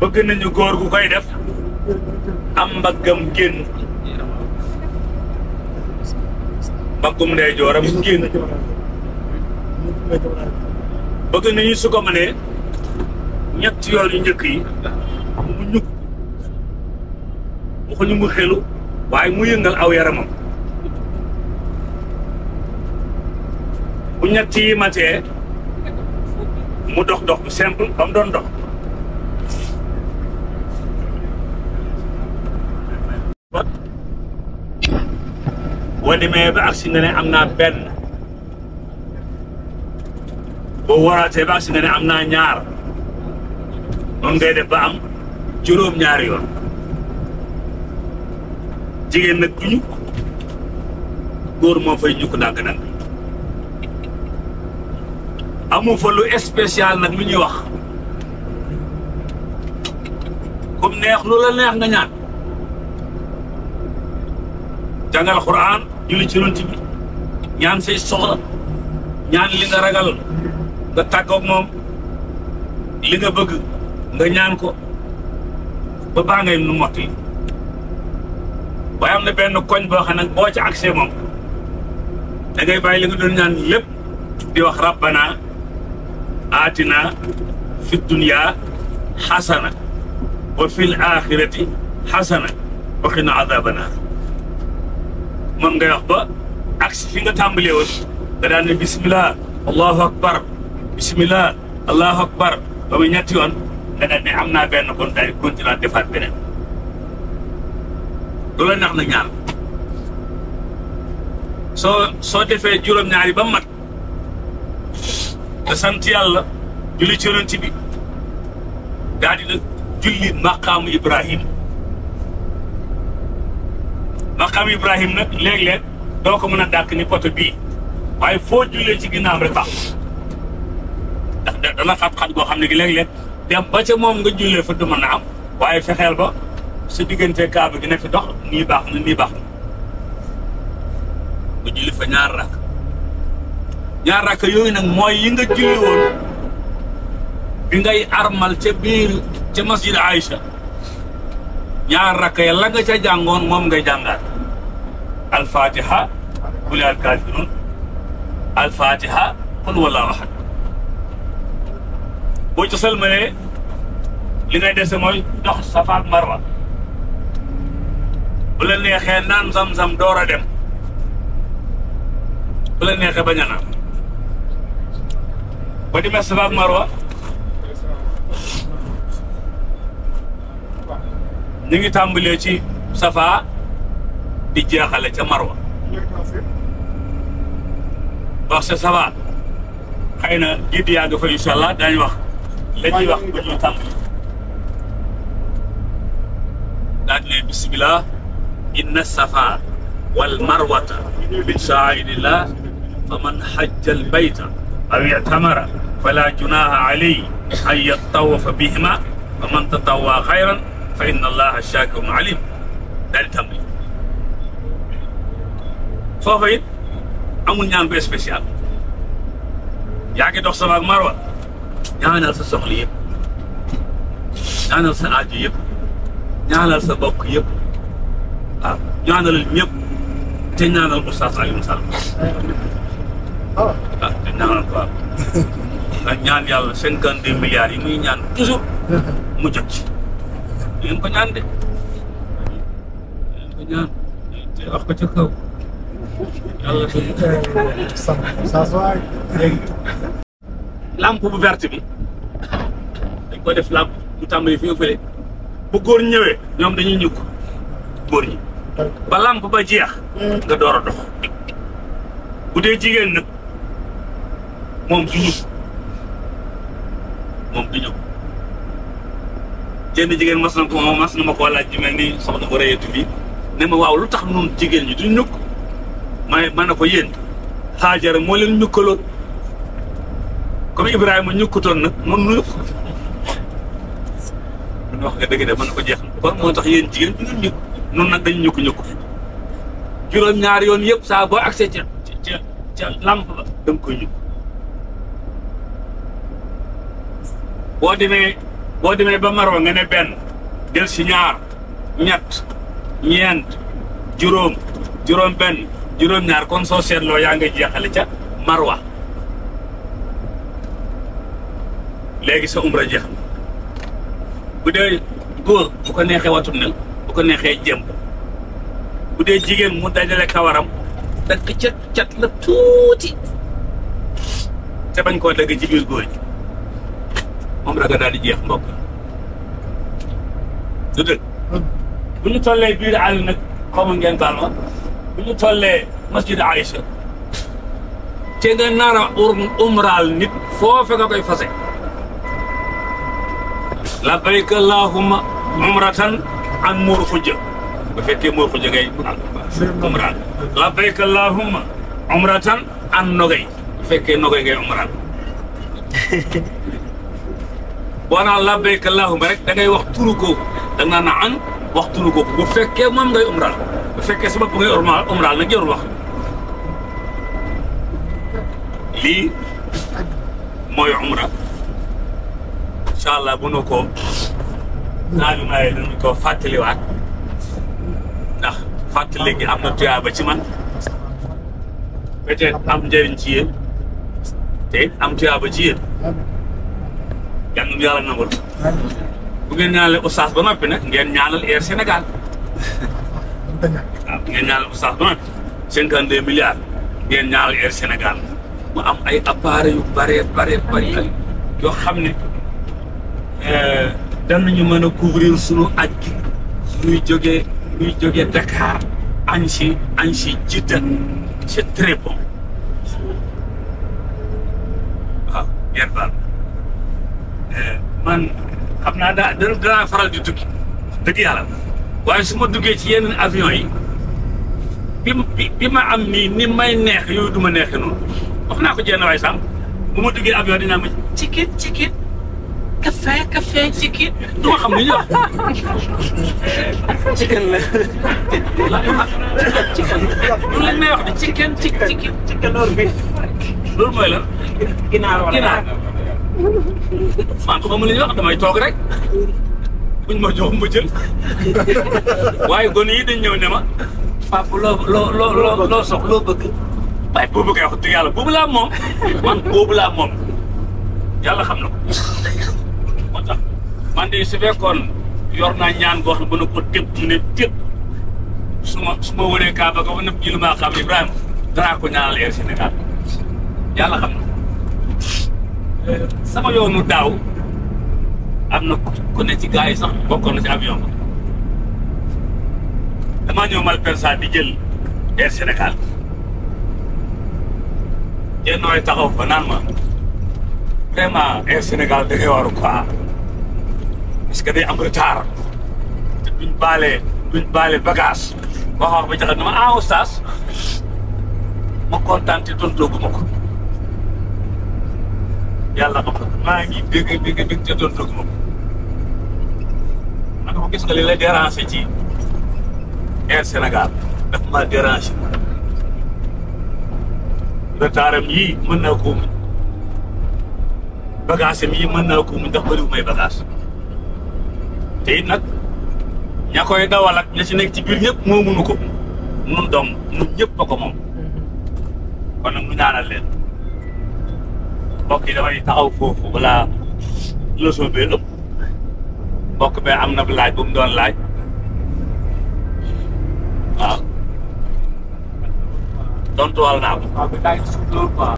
bëgg nañu góor gu koy def am mbaggam génn mbaggum ndey jooram bëgg nañu su ko mënee ñetti yoon yu njëkk yi mu ñug waxuñu mu xelu waaye mu yëngal aw yaramam bu ñett yi matee mu dox dox bu simple mu doon dox boo demee ba agsi nga ne am naa benn boo waraatee ba agsi nga ne am naa ñaar noonu ngay def ba am juróom-ñaari yoon jigéen nag du ñukk góor moo fay ñukk ndànk-ndànk amu fa lu spécial nag lu ñuy wax comme neex lu la neex nga ñaan jàngal xuraan julli ci yonent bi ñaan say soxla ñaan li nga ragal nga tàggoog moom li nga bëgg nga ñaan ko ba baa ngay nu mott yi am na benn koñ boo xam boo ca accès moom da bàyyi li nga doon ñaan lépp di wax rabbana aatina fi dunya xasana wa fil axirati xasana wa qina adabana moom ngay wax ba agsi fi nga tàmbalee woon nga daan ne bisimilah allahu akbar bisimilah allahu akbar ba muy ñetti yoon nga daan am naa benn kon daal di continuer defaat beneen loolu la neex na ñaar soo soo defee juróom-ñaar ba mat nga sant yàlla julli ci yonent bi daal di julli maqaamu Ibrahim maqaam Ibrahim nag léeg-léeg doo ko mën a dàkk ni côté bii waaye foo jullee ci ginnaam rek baax ndax dana xat-xat goo xam ne gi léeg-léeg dem ba ca moom nga julee fa du mën a am waaye fexeel ba si diggante kaaba gi na fi dox nii baax na nii baax na nga julli fa ñaar rakk ñaar rakk yooyu nag mooy yi nga julli woon bi ngay armal ca biir ca masjid Aïcha ñaar rakk ya nga ca jàngoon moom ngay jàngaat alfatiha qul yaa alkaafiruun alfatiha qul wallaahu ahad boo ci sëlmalee li ngay dese mooy dox safa marwa bu la neexee naan zam-zam door a dem bu la neexee bañ ba demee safa ak marwa ñu ngi tàmbalee ci Safa di jeexale ca Marwa wax sa Safa xëy na gidd yaa nga fa incha allah daañu wax la ñuy wax bu ñuy tàmbali daal ne bismillah inna Safa wal Marwata min sha'airillah faman hajja al bayta aw i'tamara fala junaha alayhi an yattawafa bihima faman tatawwa xayran fa inna allaha shakirun alim daal di tàmbali foofa it amul ñaan bu spécial yaa ngi dox sama ak marwa ñaanal sa soxla yëpp ñaanal sa aajo yëpp ñaanal sa bokk yëpp waaw ñaanalal ñëpp te ñaanal Oustaz Alioune Sall ah. waaw te ñaanal ko waaw nga ñaan yàlla cinquante deux milliards yi muy ñaan toujours mu jot ci ngeen ko ñaan de ngeen ko ñaan te wax ko ca kaw yàlla bu verte bi dañ ko def làmp mu tàmbali fi fële bu góor ñëwee ñoom dañuy ñëw góor ñi ba làmp ba jeex nga door bu dee jigéen nag moom du ñëw moom du ñëw jenn jigéen mas na ko mas na ma koo laaj ji mel ni soxna bu rëyatu bi ne ma waaw lu tax nun jigéen ñi duñ ñukk ma ma ne ko yéen xaajara moo leen ñukkaloon comme Ibrahima ñukkutoon nag mën nu ñukk mun wax nga dëgg de mën na ko jeex na kon yéen jigéen du ñun ñukk nun nag dañ ñukk ñukk juróom ñaari yoon yëpp saa boo accès ca ca ca lamp ba da nga ñukk boo demee boo demee ba Maroc nga ne benn del si ñaar ñett ñeent juróom juróom benn juróom ñaar kon soo seetloo yaa nga ale ca Marwa léegi sa umra jeex na bu dee góor bu ko neexee watu nel bu ko neexee jëm bu dee jigéen mu dajale kawaram dagg ca cat la tuuti te bañ koo dagg ci biir góor ji moom ragal daal di jeex mbokk du dëgg bu ñu tollee biir àll nag xaw ngeen baal ma bu tollee masjid Aïcha te nga nar umraal nit foofe nga koy fase labbayka allahumma umratan an muur xujja bu fekkee muur xujja ngay umraal labbayka allahumma umratan an nogay bu fekkee nogay ngay umraal boo naan labbayk allahumma rek da ngay wax turu googu da nga naan an wax turu googu bu fekkee moom ngay umraal bu fekkee sa bopp ngay umraal umraal nag jarul wax lii mooy umra incha allah bu nu ko naalumaayee dañu ko fàttaliwaat ndax fàttali gi am na tuyaaba ci man peut-être am njëriñ ci yéen te am tuyaaba ci yéen yan nu yàlla nangul bu ngeen ñaanalee oustaz ba noppi nag ngeen ñaanal Air Sénégal waaw ngeen ñaanal Air Sénégal mu am ay appareils yu bare bare bari yoo xam ne euh, danañu mën a couvrir sunu aj gi nuy jógee nuy jógee Dakar añ si añ si Jidda waaw Eh, man xam naa daa danaa faral di tukki dëgg yàlla waaye su ma duggee ci yenn avion yi bi bi ma am nii ni may neex yooyu du ma neexee noonu wax naa ko jenn waay sàmm bu ma duggee avion dinaa ma cikit cikit café café cikit du xam ni ñu wax chicken la lu leen may wax de chicken chicken loolu bi loolu mooy la ginaar wala ginaar man xaw ma wax damay toog rek buñ ma jox ma jël waaye gone yi dañ ne ma papa loo loo loo loo sox loo bëgg waaye boobu kay wax dëgg yàlla boobu laa moom man boobu laa moom yàlla xam na man de su yor naa ñaan boo xam ne na ko tëb mu ne tëb su ma su ma wëree Kaaba ga ba nëpp ji xam Ibrahima danaa ko ñaanal Air Sénégal yàlla xam na sama yoonu daaw am na ku ne ci gars yi sax bokkoon na ci avion ba damaa ñëw Malpensa di jël Air Sénégal yenn waay taxaw fa ma vraiment Air Sénégal da ngay waru parce que day am retard te duñ baale duñ baale bagage wax ba jaxat na ma ah ma kontaan te tontoogu ma ko yàlla xam na maa ngi dégg dégg dégg te doon dëgg moom man ko gis nga li la dérangé ci Air Sénégal daf ma dérangé retardam yii mën naa ko muñ yii mën naa ko muñ ndax bëriwu may bagage te it nag ña koy dawal ak ña ci nekk ci biir ñëpp moo munu ko nun doom nun ñëpp ba ko moom kon nag mu ñaanal leen mbokk yi damay taxaw foofu balaa leçon bi ëpp am na laaj bu doon laaj waaw tontuwal naa ko.